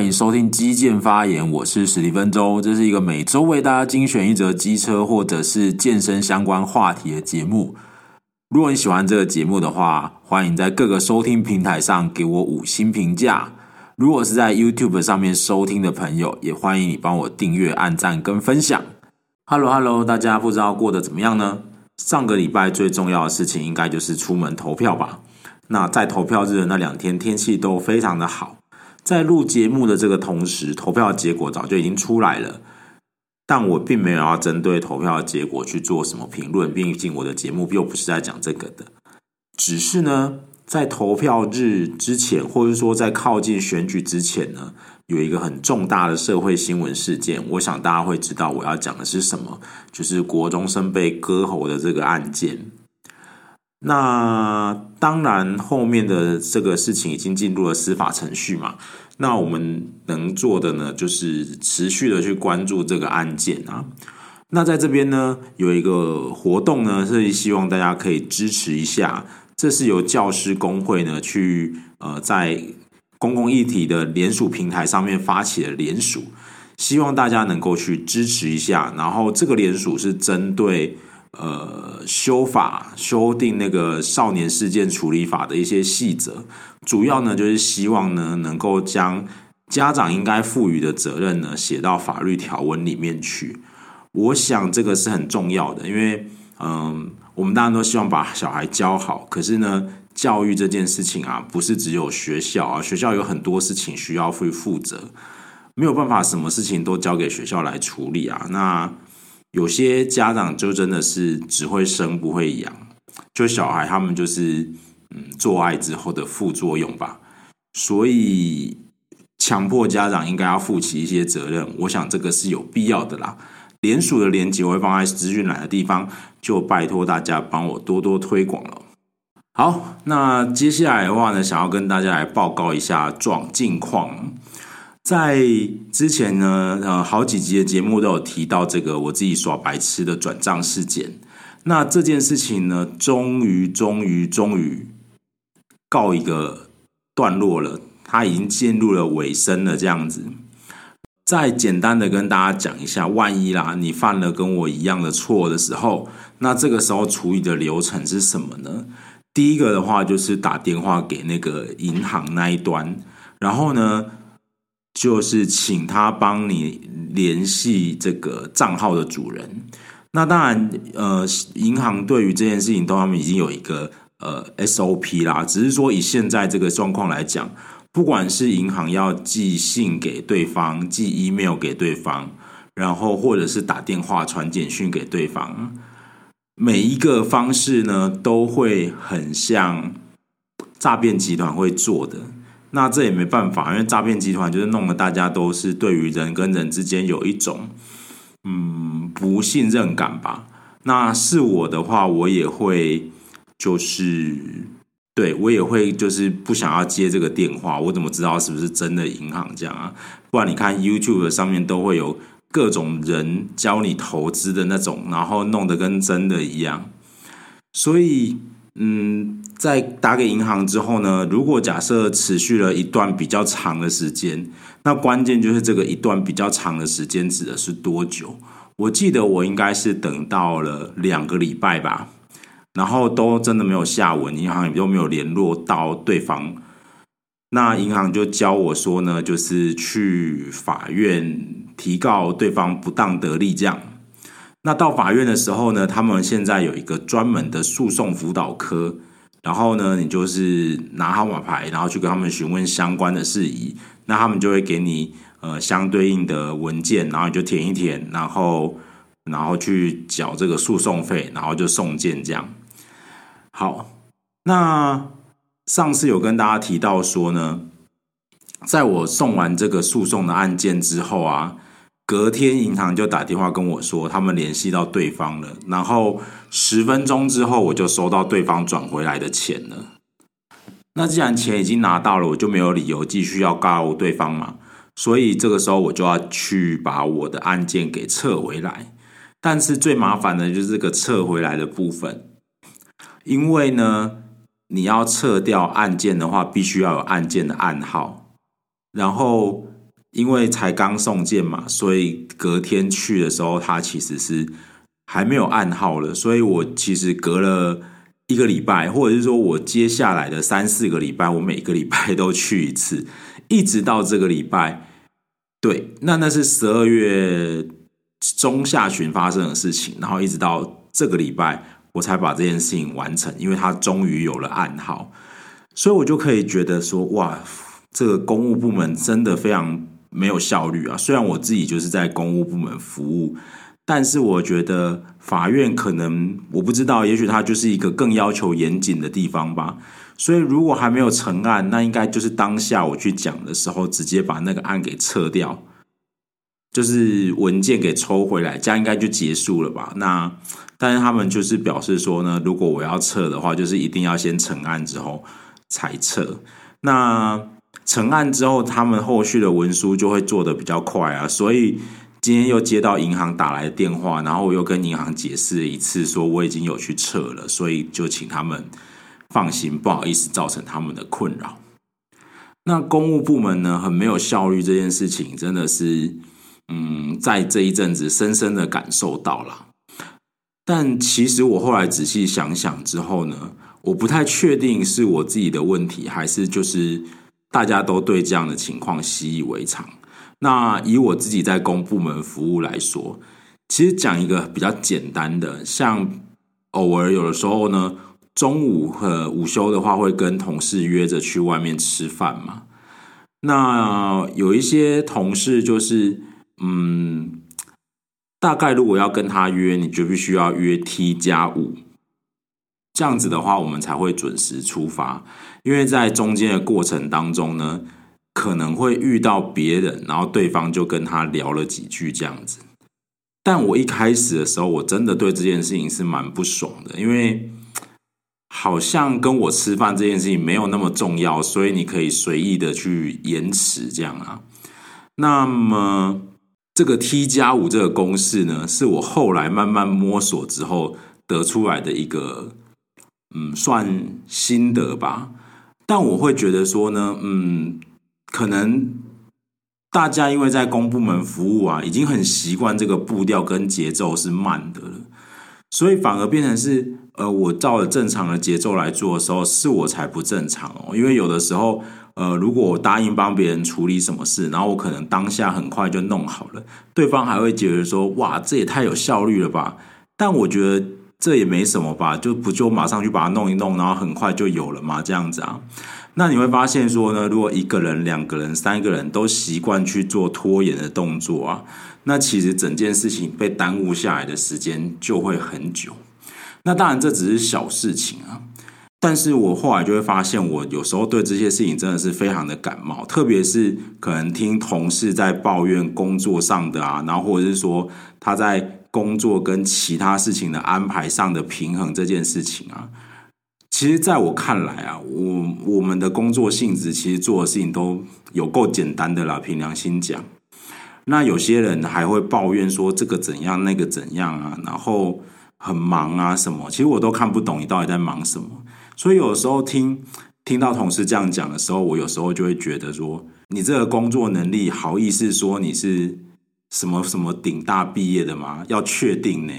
歡迎收聽肌健發言，我是史蒂芬周。這是一個每周為大家精選一則機車或者是健身相關話題的節目。如果你喜歡這個節目的話，歡迎在各個收聽平台上給我五星評價。如果是在 YouTube 上面收聽的朋友，也歡迎你幫我訂閱、按讚跟分享。Hello Hello，大家不知道過得怎麼樣呢？上個禮拜最重要的事情應該就是出門投票吧。那在投票日的那兩天，天氣都非常的好。在錄節目的這個同時，投票結果早就已經出來了，但我並沒有要針對投票結果去做什麼評論，畢竟我的節目又不是在講這個的。只是呢，在投票日之前，或者說在靠近選舉之前呢，有一個很重大的社會新聞事件，我想大家會知道我要講的是什麼，就是國中生被割喉的這個案件。那當然，後面的這個事情已經進入了司法程序嘛。那我們能做的呢，就是持續的去關注這個案件啊。那在這邊呢，有一個活動呢，是希望大家可以支持一下。這是由教師工會呢去呃，在公共議題的連署平台上面發起的連署，希望大家能夠去支持一下。然後這個連署是針對。呃，修法修訂那個少年事件處理法的一些細則，主要呢就是希望呢能夠將家長應該賦予的責任呢寫到法律條文裡面去。我想這個是很重要的，因為嗯、呃，我們當然都希望把小孩教好，可是呢，教育這件事情啊，不是只有學校啊，學校有很多事情需要去負責，沒有辦法，什麼事情都交給學校來處理啊。那有些家長就真的是只會生不會養，就小孩他們就是嗯做愛之後的副作用吧，所以強迫家長應該要負起一些責任，我想這個是有必要的啦。連署的連結我會放在資訊欄的地方，就拜托大家幫我多多推廣了。好，那接下來的話呢，想要跟大家來報告一下狀近況。在之前呢，呃，好幾集的節目都有提到這個我自己耍白痴的轉賬事件。那這件事情呢，終於、終於、終於告一個段落了，它已經進入了尾聲了。這樣子，再簡單的跟大家講一下，萬一啦，你犯了跟我一樣的錯的時候，那這個時候處理的流程是什麼呢？第一個的話就是打電話給那個銀行那一端，然後呢，就是請他幫你聯繫這個賬號的主人。那當然，呃，銀行對於這件事情，都他們已經有一個呃 SOP 啦。只是說，以現在這個狀況來講，不管是銀行要寄信給對方、寄 email 給對方，然後或者是打電話、傳簡訊給對方，每一個方式呢，都會很像詐騙集團會做的。那這也沒辦法，因為詐騙集團就是弄得大家都是對於人跟人之間有一種嗯不信任感吧。那是我的話，我也會就是對我也會就是不想要接這個電話。我怎麼知道是不是真的銀行這樣啊？不然你看 YouTube 上面都會有各種人教你投資的那種，然後弄得跟真的一樣。所以嗯。在打給銀行之後呢，如果假設持續了一段比較長的時間，那關鍵就是這個一段比較長的時間指的是多久？我記得我應該是等到了兩個禮拜吧，然後都真的沒有下文，銀行也都沒有聯絡到對方。那銀行就教我說呢，就是去法院提告對方不當得利這樣。那到法院的時候呢，他們現在有一個專門的訴訟輔導科。然後呢，你就是拿號碼牌，然後去跟他們詢問相關的事宜，那他們就會給你呃相對應的文件，然後你就填一填，然後然後去繳這個訴訟費，然後就送件這樣。好，那上次有跟大家提到說呢，在我送完這個訴訟的案件之後啊。隔天，銀行就打電話跟我說，他們聯繫到對方了。然後十分鐘之後，我就收到對方轉回來的錢了。那既然錢已經拿到了，我就沒有理由繼續要告對方嘛。所以這個時候，我就要去把我的案件給撤回來。但是最麻煩的就是這個撤回來的部分，因為呢，你要撤掉案件的話，必須要有案件的案號，然後。因為才剛送件嘛，所以隔天去的時候，它其實是還沒有暗號的。所以，我其實隔了一個禮拜，或者是說我接下來的三四個禮拜，我每個禮拜都去一次，一直到這個禮拜。對，那那是十二月中下旬發生的事情，然後一直到這個禮拜，我才把這件事情完成，因為它終於有了暗號，所以我就可以覺得說，哇，這個公務部門真的非常。沒有效率啊！雖然我自己就是在公務部門服務，但是我覺得法院可能我不知道，也許它就是一個更要求嚴謹的地方吧。所以如果還沒有成案，那應該就是當下我去講的時候，直接把那個案給撤掉，就是文件給抽回來，這樣應該就結束了吧？那但是他們就是表示說呢，如果我要撤的話，就是一定要先成案之後才撤。那成案之後，他們後續的文書就會做得比較快啊，所以今天又接到銀行打來電話，然後我又跟銀行解釋一次，說我已經有去撤了，所以就請他們放心，不好意思造成他們的困擾。那公務部門呢，很沒有效率這件事情，真的是，嗯，在這一陣子深深的感受到了。但其實我後來仔細想想之後呢，我不太確定是我自己的問題，還是就是。大家都對這樣的情況習以為常。那以我自己在公部門服務來說，其實講一個比較簡單的，像偶爾有的時候呢，中午和午休的話，會跟同事約着去外面吃飯嘛。那有一些同事就是，嗯，嗯，大概如果要跟他約，你就必須要約 T 加五。這樣子的話，我們才會準時出發。因為在中間的過程當中呢，可能會遇到別人，然後對方就跟他聊了幾句這樣子。但我一開始的時候，我真的對這件事情是蠻不爽的，因為好像跟我吃飯這件事情沒有那麼重要，所以你可以隨意的去延遲這樣啊。那麼這個 T 加五這個公式呢，是我後來慢慢摸索之後得出來的一個。嗯，算心得吧，嗯、但我會覺得說呢，嗯，可能大家因為在公部門服務啊，已經很習慣這個步調跟節奏是慢的了，所以反而變成是，呃，我照了正常的節奏來做的時候，是我才不正常哦。因為有的時候，呃，如果我答應幫別人處理什麼事，然後我可能當下很快就弄好了，對方還會覺得說，哇，這也太有效率了吧？但我覺得。這也沒什麼吧，就不就馬上去把它弄一弄，然後很快就有了嗎？這樣子啊。那你會發現說呢，如果一個人、兩個人、三個人都習慣去做拖延的動作啊，那其實整件事情被耽誤下來的時間就會很久。那當然這只是小事情啊，但是我後來就會發現，我有時候對這些事情真的是非常的感冒，特別是可能聽同事在抱怨工作上的啊，然後或者是說他在。工作跟其他事情的安排上的平衡這件事情啊，其實在我看來啊，我我們的工作性質其實做的事情都有夠簡單的啦。憑良心講，那有些人還會抱怨說這個怎樣，那個怎樣啊，然後很忙啊什麼。其實我都看不懂你到底在忙什麼。所以有時候聽聽到同事這樣講的時候，我有時候就會覺得說，你這個工作能力好意思說你是。什麼什麼頂大畢業的嗎？要確定呢？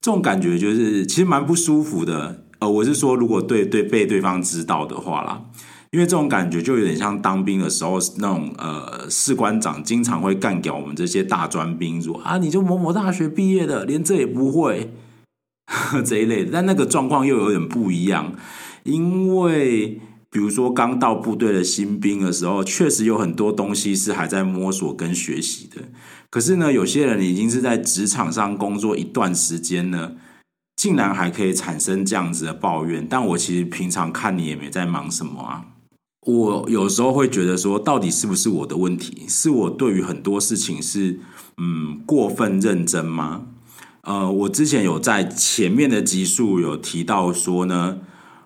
這種感覺就是其實蠻不舒服的。呃，我是說，如果對對被對方知道的話啦，因為這種感覺就有點像當兵的時候那種呃，士官長經常會幹掉我們這些大專兵，說啊，你就某某大學畢業的，連這也不會呵呵這一類的。但那個狀況又有點不一樣，因為比如說剛到部隊的新兵的時候，確實有很多東西是還在摸索跟學習的。可是呢，有些人已經是在職場上工作一段時間呢，竟然還可以產生這樣子的抱怨。但我其實平常看你也沒在忙什麼啊。我有時候會覺得說，到底是不是我的問題？是我對於很多事情是嗯過分認真嗎？呃，我之前有在前面的集數有提到說呢，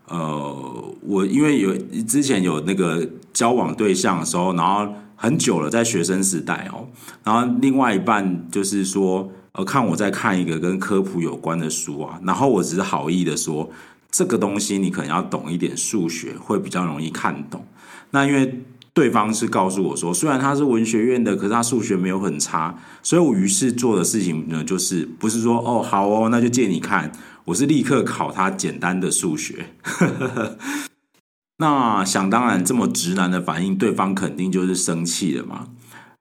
呃，我因為有之前有那個交往對象的時候，然後。很久了，在學生時代哦。然後另外一半就是說，呃，看我在看一個跟科普有關的書啊。然後我只是好意地說，這個東西你可能要懂一點數學，會比較容易看懂。那因為對方是告訴我說，雖然他是文學院的，可是他數學沒有很差。所以，我於是做的事情呢，就是不是說哦，好哦，那就借你看。我是立刻考他簡單的數學。 那想當然，這麼直男的反應，對方肯定就是生氣了嘛。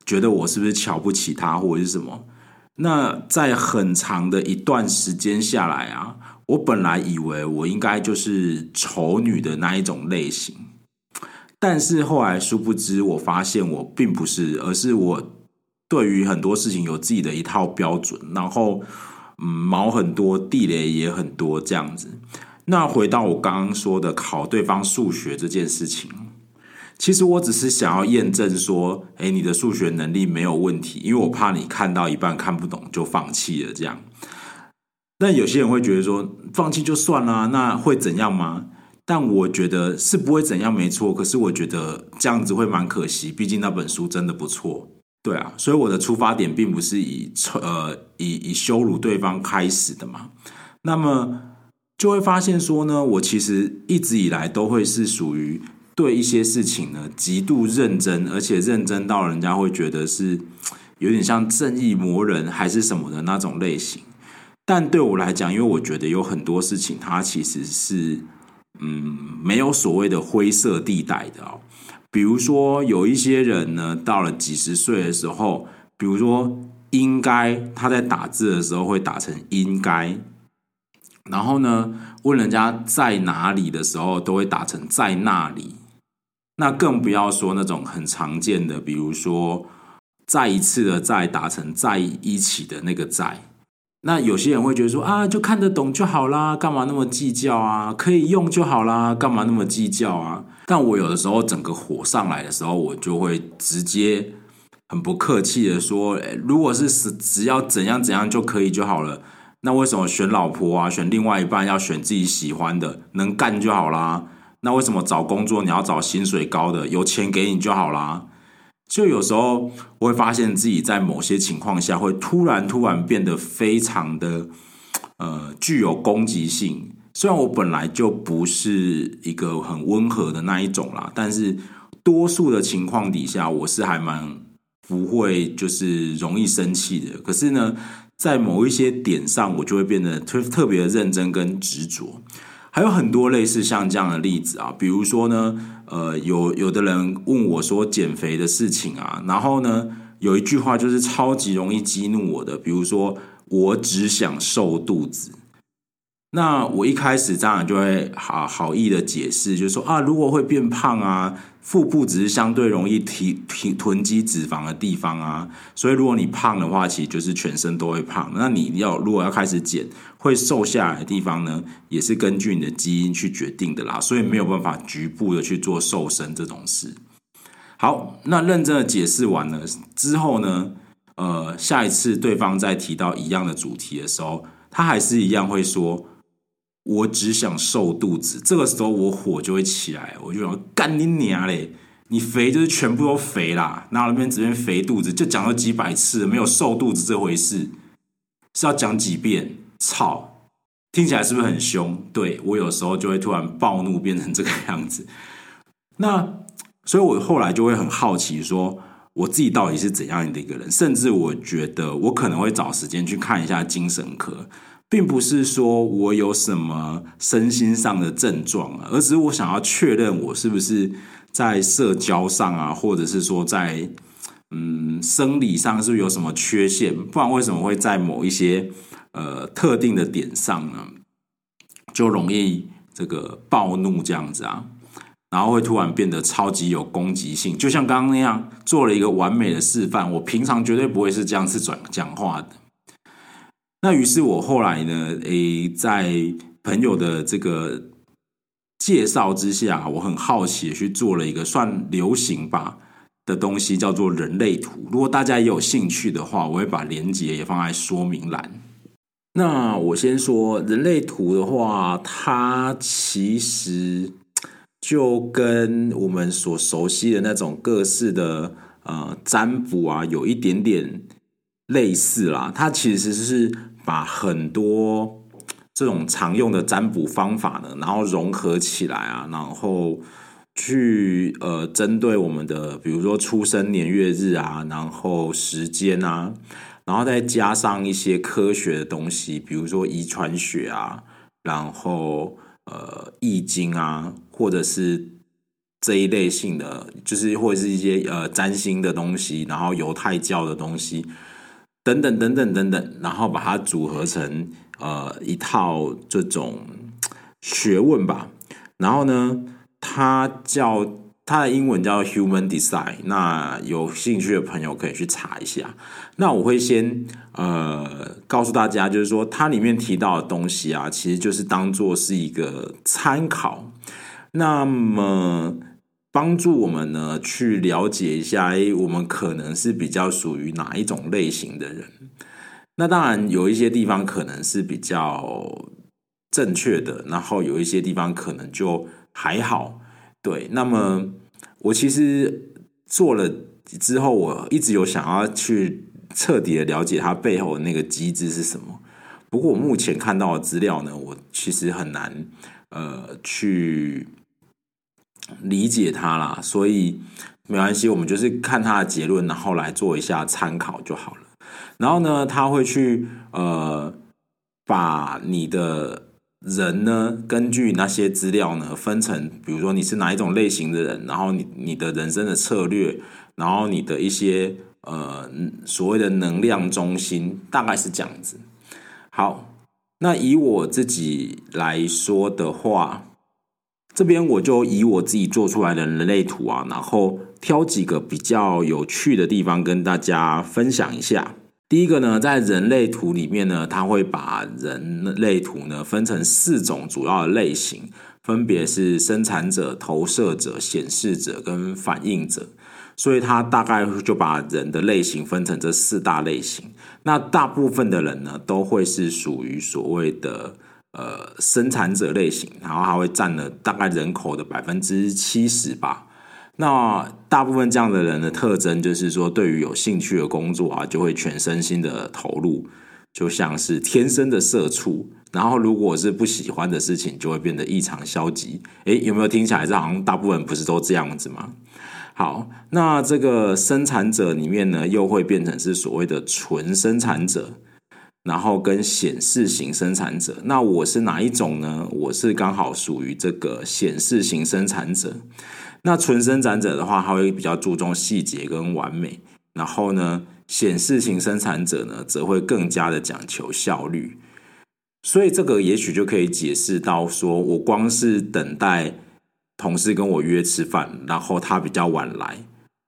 覺得我是不是瞧不起他或者是什麼？那在很長的一段時間下來啊，我本來以為我應該就是醜女的那一種類型，但是後來殊不知，我發現我並不是，而是我對於很多事情有自己的一套標準，然後，嗯，毛很多，地雷也很多，這樣子。那回到我剛剛說的考對方數學這件事情，其實我只是想要驗證說，誒，你的數學能力沒有問題，因為我怕你看到一半看不懂就放棄了。這樣，那有些人會覺得說，放棄就算了，那會怎樣嗎？但我覺得是不會怎樣，沒錯。可是我覺得這樣子會蠻可惜，畢竟那本書真的不錯，對啊。所以我的出發點並不是以呃以以羞辱對方開始的嘛。那麼。就會發現說呢，我其實一直以來都會是屬於對一些事情呢極度認真，而且認真到人家會覺得是有點像正義魔人還是什麼的那種類型。但對我來講，因為我覺得有很多事情它其實是嗯沒有所謂的灰色地帶的哦。比如說有一些人呢，到了幾十歲的時候，比如說應該，他在打字的時候會打成應該。然後呢，問人家在哪裡的時候，都會打成在那裡。那更不要說那種很常見的，比如說再一次的再打成在一起的那個在。那有些人會覺得說啊，就看得懂就好啦，幹嘛那麼計較啊？可以用就好啦，幹嘛那麼計較啊？但我有的時候整個火上來的時候，我就會直接很不客氣的說，誒，如果是只要怎樣怎樣就可以就好了。那為什麼選老婆啊？選另外一半要選自己喜歡的，能幹就好啦。那為什麼找工作你要找薪水高的，有錢給你就好啦。就有時候我會發現自己在某些情況下會突然突然變得非常的呃具有攻擊性。雖然我本來就不是一個很溫和的那一種啦，但是多數的情況底下，我是還蠻不會就是容易生氣的。可是呢，在某一些點上，我就會變得特特別的認真跟執着，還有很多類似像這樣的例子啊，比如說呢，呃，有有的人問我說減肥的事情啊，然後呢，有一句話就是超級容易激怒我的，比如說我只想瘦肚子。那我一開始當然就會好，好意的解釋，就是說啊，如果會變胖啊，腹部只是相對容易提提囤積脂肪的地方啊，所以如果你胖的話，其實就是全身都會胖。那你要如果要開始減，會瘦下來的地方呢，也是根據你的基因去決定的啦，所以沒有辦法局部的去做瘦身這種事。好，那認真的解釋完了之後呢，呃，下一次對方再提到一樣的主題的時候，他還是一樣會說。我只想瘦肚子，這個時候我火就會起來，我就要幹你娘嘞！你肥就是全部都肥啦，哪邊只肥肚子？就講了幾百次，沒有瘦肚子這回事，是要講幾遍？操！聽起來是不是很兇？對，我有時候就會突然暴怒，變成這個樣子。那所以，我後來就會很好奇說，說我自己到底是怎樣的一個人？甚至我覺得，我可能會找時間去看一下精神科。並不是說我有什麼身心上的症狀啊，而是我想要確認我是不是在社交上啊，或者是說在嗯生理上是不是有什麼缺陷，不然為什麼會在某一些呃特定的點上呢，就容易這個暴怒這樣子啊，然後會突然變得超級有攻擊性，就像剛剛那樣做了一個完美的示範，我平常絕對不會是這樣子轉講話的。那於是我後來呢，誒、欸，在朋友的這個介紹之下，我很好奇去做了一個算流行吧的東西，叫做人類圖。如果大家也有興趣的話，我會把連結也放在說明欄。那我先說人類圖的話，它其實就跟我們所熟悉的那種各式的呃占卜啊，有一點點類似啦。它其實、就是。把很多這種常用的占卜方法呢，然後融合起來啊，然後去呃針對我們的，比如說出生年月日啊，然後時間啊，然後再加上一些科學的東西，比如說遺傳學啊，然後呃易經啊，或者是這一類性型的，就是或者是一些呃占星的東西，然後猶太教的東西。等等等等等等，然後把它組合成呃一套這種學問吧。然後呢，它叫它的英文叫 Human Design。那有興趣的朋友可以去查一下。那我會先呃告訴大家，就是說它裡面提到的東西啊，其實就是當做是一個參考。那麼。幫助我們呢，去了解一下，哎，我們可能是比較屬於哪一種類型的人。那當然，有一些地方可能是比較正確的，然後有一些地方可能就還好。對，那麼我其實做了之後，我一直有想要去徹底的了解它背後的那個機制是什麼。不過，我目前看到的資料呢，我其實很難呃去。理解他啦，所以沒關係，我們就是看他的結論，然後來做一下參考就好了。然後呢，他會去呃，把你的人呢，根據那些資料呢，分成，比如說你是哪一種類型的人，然後你你的人生的策略，然後你的一些呃所謂的能量中心，大概是這樣子。好，那以我自己來說的話。這邊我就以我自己做出來的人類圖啊，然後挑幾個比較有趣的地方跟大家分享一下。第一個呢，在人類圖裡面呢，它會把人類圖呢分成四種主要的類型，分別是生產者、投射者、顯示者跟反應者。所以它大概就把人的類型分成這四大類型。那大部分的人呢，都會是屬於所謂的。呃，生產者類型，然後它會占了大概人口的百分之七十吧。那大部分這樣的人的特徵就是說，對於有興趣的工作啊，就會全身心的投入，就像是天生的社畜。然後，如果是不喜歡的事情，就會變得異常消極。誒，有沒有聽起來這好像大部分不是都這樣子嗎？好，那這個生產者裡面呢，又會變成是所謂的純生產者。然後跟顯示型生產者，那我是哪一種呢？我是剛好屬於這個顯示型生產者。那純生產者的話，他會比較注重細節跟完美。然後呢，顯示型生產者呢，則會更加的講求效率。所以這個也許就可以解釋到說，說我光是等待同事跟我約吃飯，然後他比較晚來，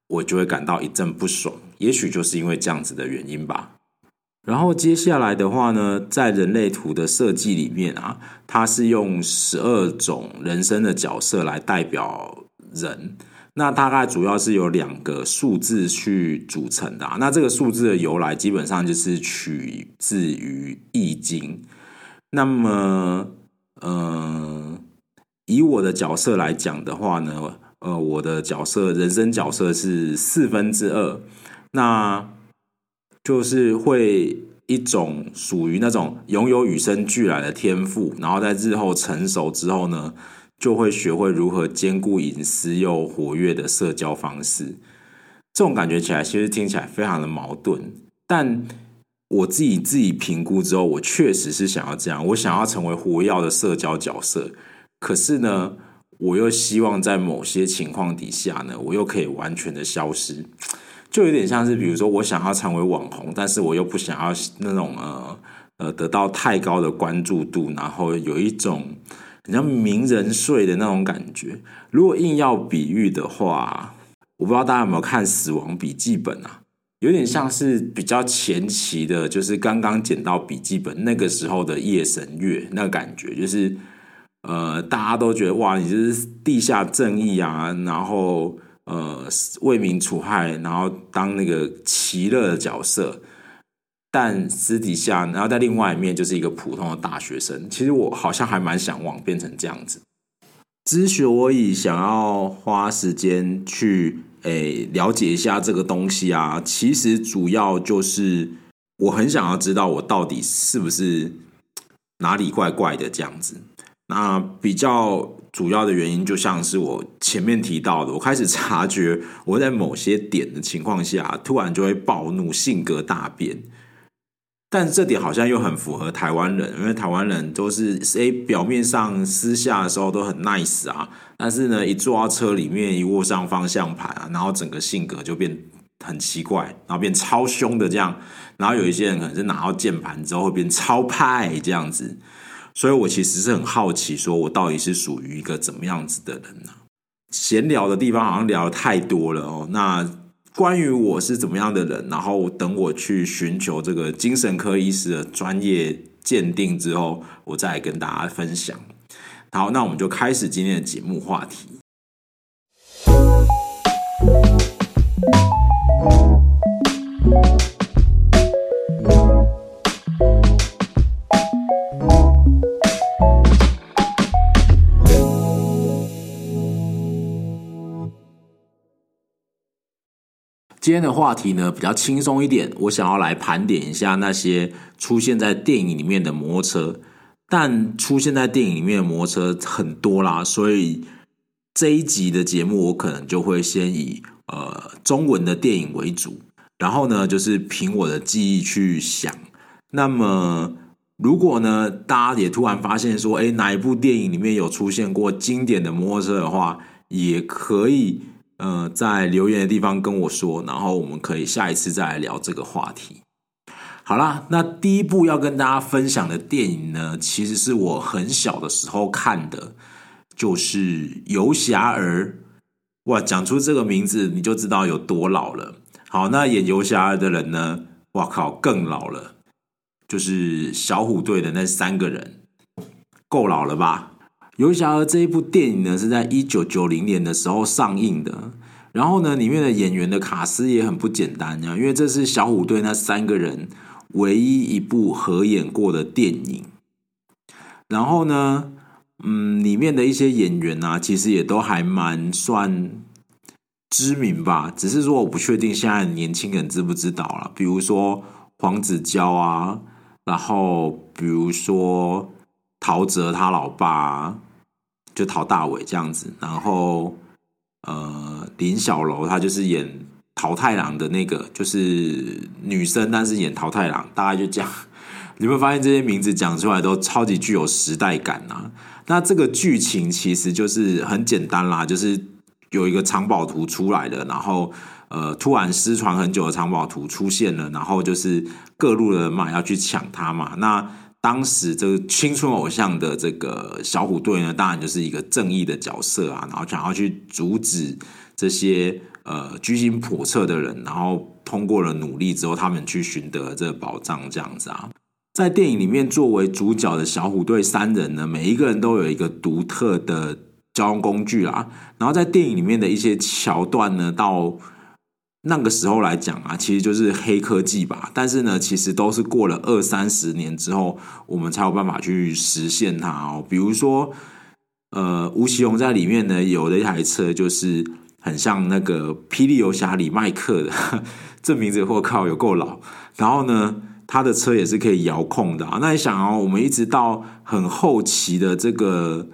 我就會感到一陣不爽。也許就是因為這樣子的原因吧。然後接下來的話呢，在人類圖的設計裡面啊，它是用十二種人生的角色來代表人。那大概主要是由兩個數字去組成的啊。那這個數字的由來，基本上就是取自於《易經》。那麼，呃，以我的角色來講的話呢，呃，我的角色，人生角色是四分之二。那就是會一種屬於那種擁有與生俱來的天賦，然後在日後成熟之後呢，就會學會如何兼顧隱私又活躍的社交方式。這種感覺起來，其實聽起來非常的矛盾。但我自己自己評估之後，我確實是想要這樣，我想要成為活躍的社交角色。可是呢，我又希望在某些情況底下呢，我又可以完全的消失。就有點像是，比如說我想要成為網紅，但是我又不想要那種呃呃得到太高的關注度，然後有一種很像名人稅的那種感覺。如果硬要比喻的話，我不知道大家有沒有看《死亡筆記本》啊？有點像是比較前期的，就是剛剛撿到筆記本那個時候的夜神月那個感覺，就是呃大家都覺得哇，你就是地下正義啊，然後。呃，為民除害，然後當那個奇樂的角色，但私底下，然後在另外一面就是一個普通的大學生。其實我好像還蠻嚮往變成這樣子。之所以想要花時間去誒了解一下這個東西啊，其實主要就是我很想要知道我到底是不是哪裡怪怪的這樣子。那比較。主要的原因就像是我前面提到的，我開始察覺我在某些點的情況下，突然就會暴怒，性格大變。但這點好像又很符合台灣人，因為台灣人都是誒，表面上私下的時候都很 nice 啊，但是呢，一坐到車裡面，一握上方向盤啊，然後整個性格就變很奇怪，然後變超凶的這樣。然後有一些人可能是拿到鍵盤之後會變超派這樣子。所以我其實是很好奇，說我到底是屬於一個怎麼樣子的人呢？閒聊的地方好像聊得太多了哦。那關於我是怎麼樣的人，然後等我去尋求這個精神科醫師的專業鑑定之後，我再來跟大家分享。好，那我們就開始今天的節目話題。嗯今天的話題呢，比較輕鬆一點，我想要來盤點一下那些出現在電影裡面的摩托車。但出現在電影裡面的摩托車很多啦，所以這一集的節目我可能就會先以呃中文的電影為主，然後呢就是憑我的記憶去想。那麼如果呢大家也突然發現說，哎，哪一部電影裡面有出現過經典的摩托車的話，也可以。呃，在留言的地方跟我說，然後我們可以下一次再來聊這個話題。好啦，那第一部要跟大家分享的電影呢，其實是我很小的時候看的，就是《游俠兒》。哇，講出這個名字你就知道有多老了。好，那演《游俠兒》的人呢，哇靠，更老了，就是小虎隊的那三個人，夠老了吧？《遊俠兒》這一部電影呢，是在一九九零年的時候上映的。然後呢，裡面的演員的卡司也很不簡單啊，因為這是小虎隊那三個人唯一一部合演過的電影。然後呢，嗯，裡面的一些演員啊，其實也都還蠻算知名吧，只是說我不確定現在年輕人知不知道了。比如說黃子佼啊，然後比如說。陶喆他老爸就陶大偉這樣子，然後呃林小樓她就是演桃太郎的那個，就是女生，但是演桃太郎，大家就講，你沒發現這些名字講出來都超級具有時代感、啊、那這個劇情其實就是很簡單啦，就是有一個藏寶圖出來的，然後呃突然失傳很久的藏寶圖出現了，然後就是各路的人馬要去搶它嘛，那。當時這個青春偶像的這個小虎隊呢，當然就是一個正義的角色啊，然後想要去阻止這些呃居心叵測的人，然後通過了努力之後，他們去尋得這個寶藏這樣子啊。在電影裡面作為主角的小虎隊三人呢，每一個人都有一個獨特的交通工具啊，然後在電影裡面的一些橋段呢，到。那個時候來講啊，其實就是黑科技吧。但是呢，其實都是過了二三十年之後，我們才有辦法去實現它哦。比如說，呃，吳奇隆在裡面呢有的一台車，就是很像那個《霹靂遊俠》裡邁克的，這名字我靠有夠老。然後呢，他的車也是可以遙控的啊。那你想哦，我們一直到很後期的這個。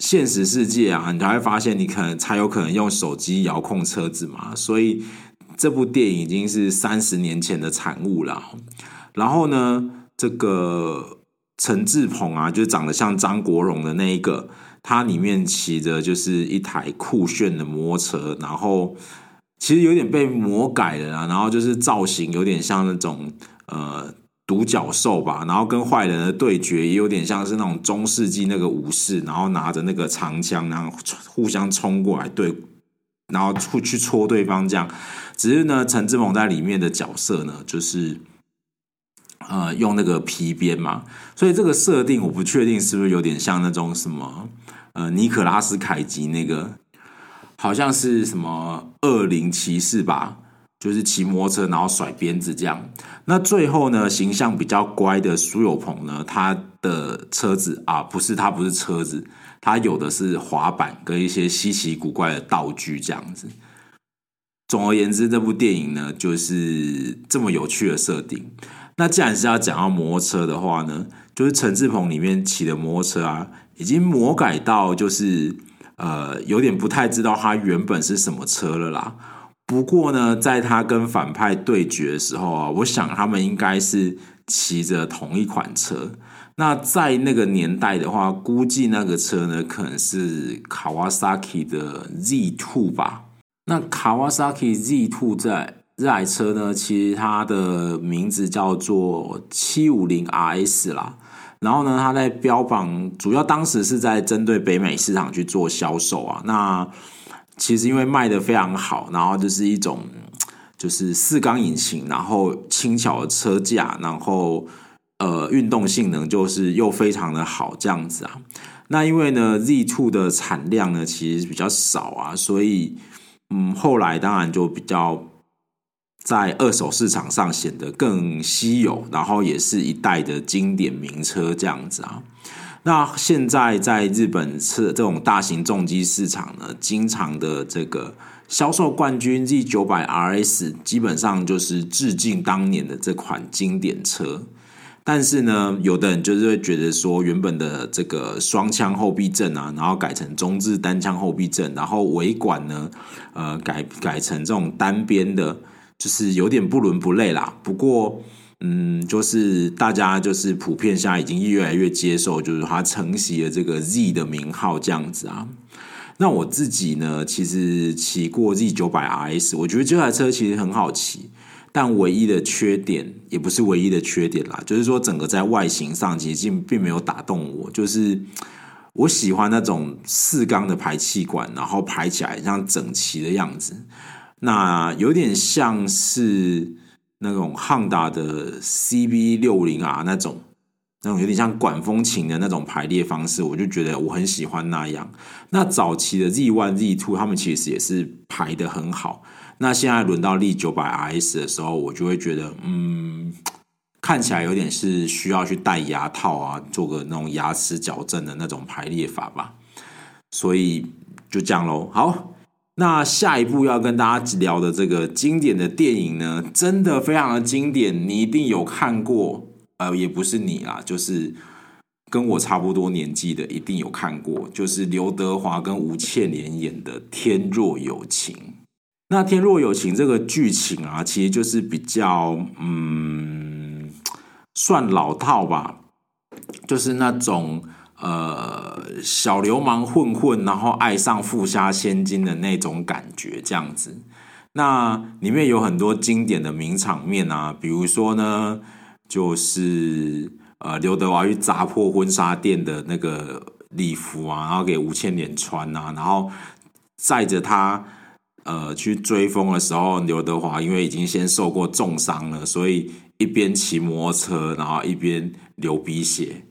現實世界啊，你才會發現你可能才有可能用手機遙控車子嘛。所以這部電影已經是三十年前的產物了。然後呢，這個陳志朋啊，就長得像張國榮的那一個，他裡面騎着就是一台酷炫的摩托車，然後其實有點被魔改了啊，然後就是造型，有點像那種呃。獨角獸吧，然後跟壞人的對決也有點像是那種中世紀那個武士，然後拿着那個長槍，然後互相衝過來對，然後去去戳對方這樣。只是呢，陳志朋在裡面的角色呢，就是呃用那個皮鞭嘛，所以這個設定我不確定是不是有點像那種什麼呃尼可拉斯凱吉那個，好像是什麼惡靈騎士吧，就是騎摩托車然後甩鞭子這樣。那最後呢，形象比較乖的蘇有朋呢，他的車子啊，不是他，不是車子，他有的是滑板跟一些稀奇古怪的道具這樣子。總而言之，這部電影呢，就是這麼有趣的設定。那既然是要講到摩托車的話呢，就是陳志朋裡面騎的摩托車啊，已經魔改到就是呃，有點不太知道他原本是什麼車了啦。不過呢，在他跟反派對決的時候啊，我想他們應該是騎着同一款車。那在那個年代的話，估計那個車呢，可能是 Kawasaki 的 Z2 吧。那 Kawasaki Z2 這台車呢，其實它的名字叫做750 RS 啦。然後呢，它在標榜，主要當時是在針對北美市場去做銷售啊。那其實因為賣的非常好，然後就是一種就是四缸引擎，然後輕巧的車架，然後呃運動性能就是又非常的好這樣子啊。那因為呢 Z2 的產量呢其實比較少啊，所以嗯後來當然就比較在二手市場上顯得更稀有，然後也是一代的經典名車這樣子啊。那現在在日本車這種大型重機市場呢，經常的這個銷售冠軍 Z900RS 基本上就是致敬當年的這款經典車，但是呢，有的人就是會覺得說，原本的這個雙腔後避震啊，然後改成中置單腔後避震，然後尾管呢，呃，改改成這種單邊的，就是有點不倫不類啦。不過。嗯，就是大家就是普遍現在已經越來越接受，就是它承襲了這個 Z 的名號這樣子啊。那我自己呢，其實騎過 Z 九百 RS，我覺得這台車其實很好騎，但唯一的缺點也不是唯一的缺點啦，就是說整個在外形上其實並沒有打動我。就是我喜歡那種四缸的排氣管，然後排起來像整齊的樣子，那有點像是。那種 Honda 的 CB 六零 R 那種，那種有點像管風琴的那種排列方式，我就覺得我很喜歡那樣。那早期的 Z One、Z Two 他們其實也是排得很好。那現在輪到 Z 九百 RS 的時候，我就會覺得，嗯，看起來有點是需要去戴牙套啊，做個那種牙齒矯正的那種排列法吧。所以就這樣嘍，好。那下一部要跟大家聊的這個經典的電影呢，真的非常的經典，你一定有看過，呃，也不是你啦，就是跟我差不多年紀的，一定有看過，就是劉德華跟吳倩蓮演的《天若有情》。那天若有情這個劇情啊，其實就是比較嗯，算老套吧，就是那種。呃，小流氓混混，然後愛上富家千金的那種感覺，這樣子。那裡面有很多經典的名場面啊，比如說呢，就是呃，劉德華去砸破婚紗店的那個禮服啊，然後給吳倩蓮穿啊，然後載着他呃去追風的時候，劉德華因為已經先受過重傷了，所以一邊騎摩托車，然後一邊流鼻血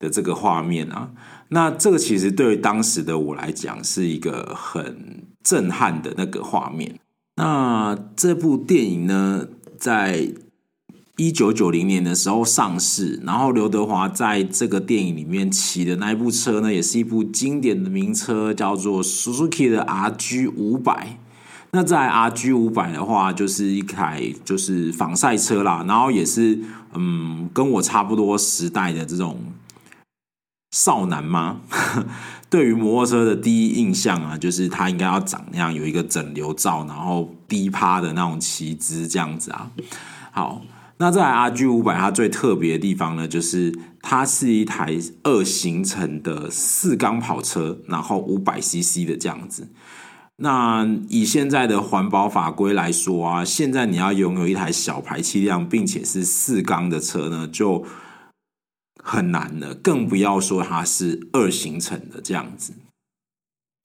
的這個畫面啊，那這個其實對於當時的我來講是一個很震撼的那個畫面。那這部電影呢，在一九九零年的時候上市，然後劉德華在這個電影裡面騎的那一部車呢，也是一部經典的名車，叫做 Suzuki 的 RG 五百。那在 RG 五百的話，就是一台就是仿賽車啦，然後也是嗯，跟我差不多時代的這種。少男嗎？ 對於摩托車的第一印象啊，就是他應該要長那樣，有一個整流罩，然後低趴的那種騎姿這樣子啊。好，那這台 R G 五百，它最特別的地方呢，就是它是一台二行程的四缸跑車，然後五百 CC 的這樣子。那以現在的環保法規來說啊，現在你要擁有一台小排氣量並且是四缸的車呢，就很難的，更不要說它是二行程的這樣子。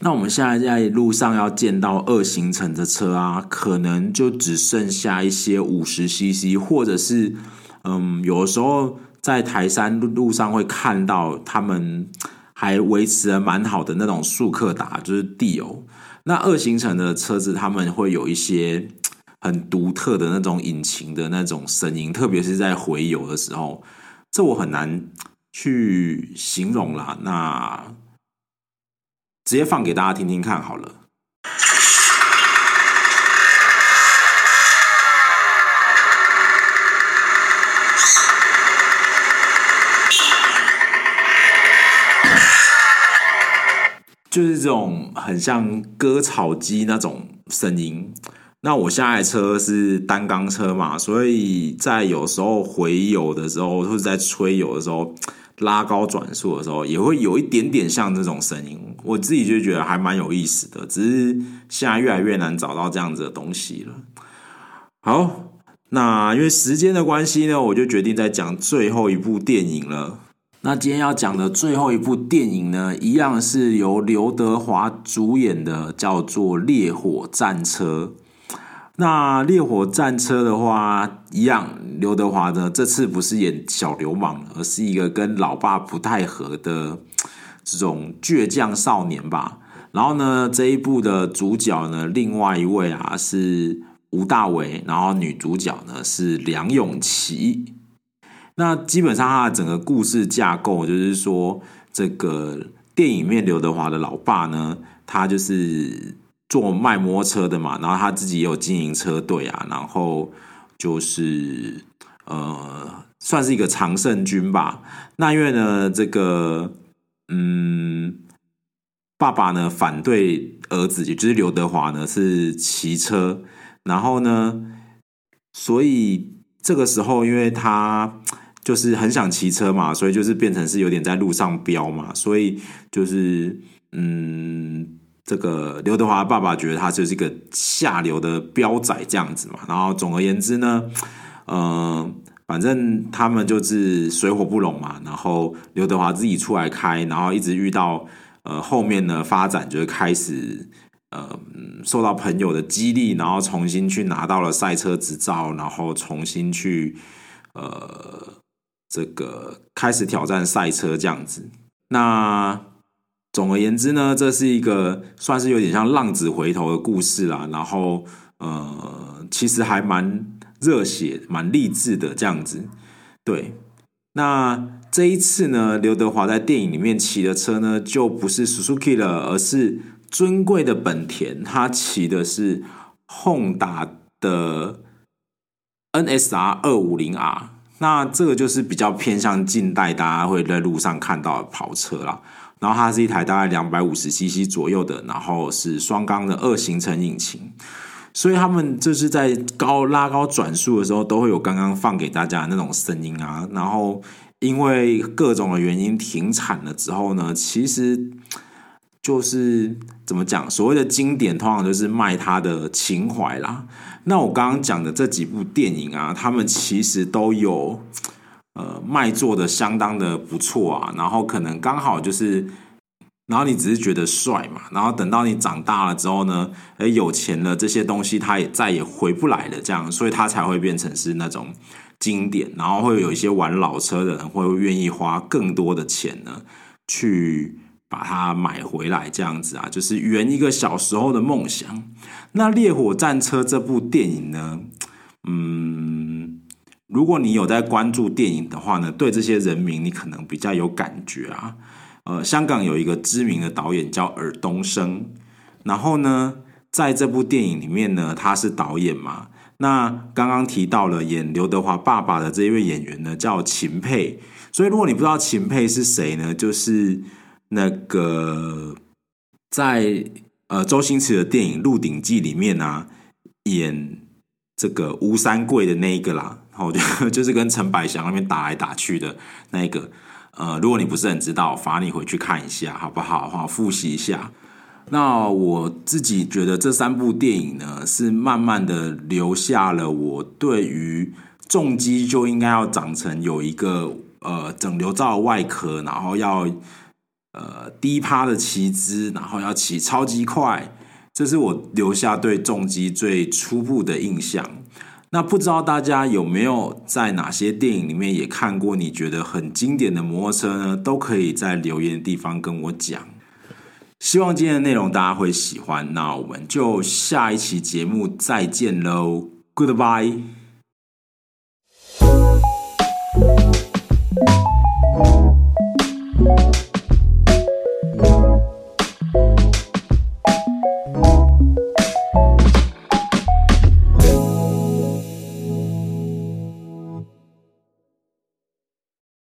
那我們現在在路上要見到二行程的車啊，可能就只剩下一些五十 CC，或者是嗯，有的時候在台山路上會看到他們還維持的蠻好的那種速克達，就是 Dio。那二行程的車子，他們會有一些很獨特的那種引擎的那種聲音，特別是在回油的時候。這我很難去形容啦，那直接放給大家聽聽看好了，就是這種很像割草機那種聲音。那我現在車是單缸車嘛，所以在有時候回油的時候，或者在催油的時候，拉高轉速的時候，也會有一點點像這種聲音。我自己就覺得還蠻有意思的，只是現在越來越難找到這樣子的東西了。好，那因為時間的關係呢，我就決定再講最後一部電影了。那今天要講的最後一部電影呢，一樣是由劉德華主演的，叫做《烈火戰車》。那《烈火戰車》的話一樣，劉德華呢，這次不是演小流氓，而是一個跟老爸不太合的這種倔強少年吧。然後呢，這一部的主角呢，另外一位啊是吳大維，然後女主角呢是梁詠琪。那基本上他的整個故事架構就是說，這個電影裡面劉德華的老爸呢，他就是。做賣摩托車的嘛，然後他自己也有經營車隊啊，然後就是呃，算是一個常勝軍吧。那因為呢，這個嗯，爸爸呢反對兒子，也就是劉德華呢是騎車，然後呢，所以這個時候因為他就是很想騎車嘛，所以就是變成是有點在路上飆嘛，所以就是嗯。這個劉德華爸爸覺得他就是一個下流的飆仔這樣子嘛，然後總而言之呢，呃，反正他們就是水火不容嘛。然後劉德華自己出來開，然後一直遇到呃，後面的發展就是開始呃受到朋友的激勵，然後重新去拿到了賽車執照，然後重新去呃這個開始挑戰賽車這樣子。那。總而言之呢，這是一個算是有點像浪子回頭的故事啦。然後，呃，其實還蠻熱血、蠻勵志的這樣子。對，那這一次呢，劉德華在電影裡面騎的車呢，就不是 Suzuki 了，而是尊貴的本田，他騎的是 Honda 的 NSR 二五零 R。那這個就是比較偏向近代，大家會在路上看到的跑車啦。然後它是一台大概兩百五十 CC 左右的，然後是雙缸的二行程引擎，所以他們就是在高拉高轉速的時候都會有剛剛放給大家的那種聲音啊。然後因為各種的原因停產了之後呢，其實就是怎麼講？所謂的經典，通常就是賣他的情懷啦。那我剛剛講的這幾部電影啊，他們其實都有。呃，賣座的相當的不錯啊，然後可能剛好就是，然後你只是覺得帥嘛，然後等到你長大了之後呢，哎，有錢了，這些東西它也再也回不來了，這樣，所以它才會變成是那種經典，然後會有一些玩老車的人會願意花更多的錢呢，去把它買回來，這樣子啊，就是圓一個小時候的夢想。那《烈火戰車》這部電影呢，嗯。如果你有在關注電影的話呢，對這些人名你可能比較有感覺啊。呃，香港有一個知名的導演叫爾冬升，然後呢，在這部電影裡面呢，他是導演嘛。那剛剛提到了演劉德華爸爸的這一位演員呢，叫秦沛。所以如果你不知道秦沛是誰呢，就是那個在呃周星馳的電影《鹿鼎記》裡面啊，演這個吳三桂的那一個啦。我就 就是跟陳百祥那邊打來打去的那一個，呃，如果你不是很知道，罰你回去看一下，好不好？好，複習一下。那我自己覺得這三部電影呢，是慢慢的留下了我對於重機就應該要長成有一個呃整流罩外殼，然後要呃低趴的騎姿，然後要騎超級快，這是我留下對重機最初步的印象。那不知道大家有沒有在哪些電影裡面也看過你覺得很經典的摩托車呢？都可以在留言的地方跟我講。希望今天的內容大家會喜歡，那我們就下一期節目再見嘍。Goodbye。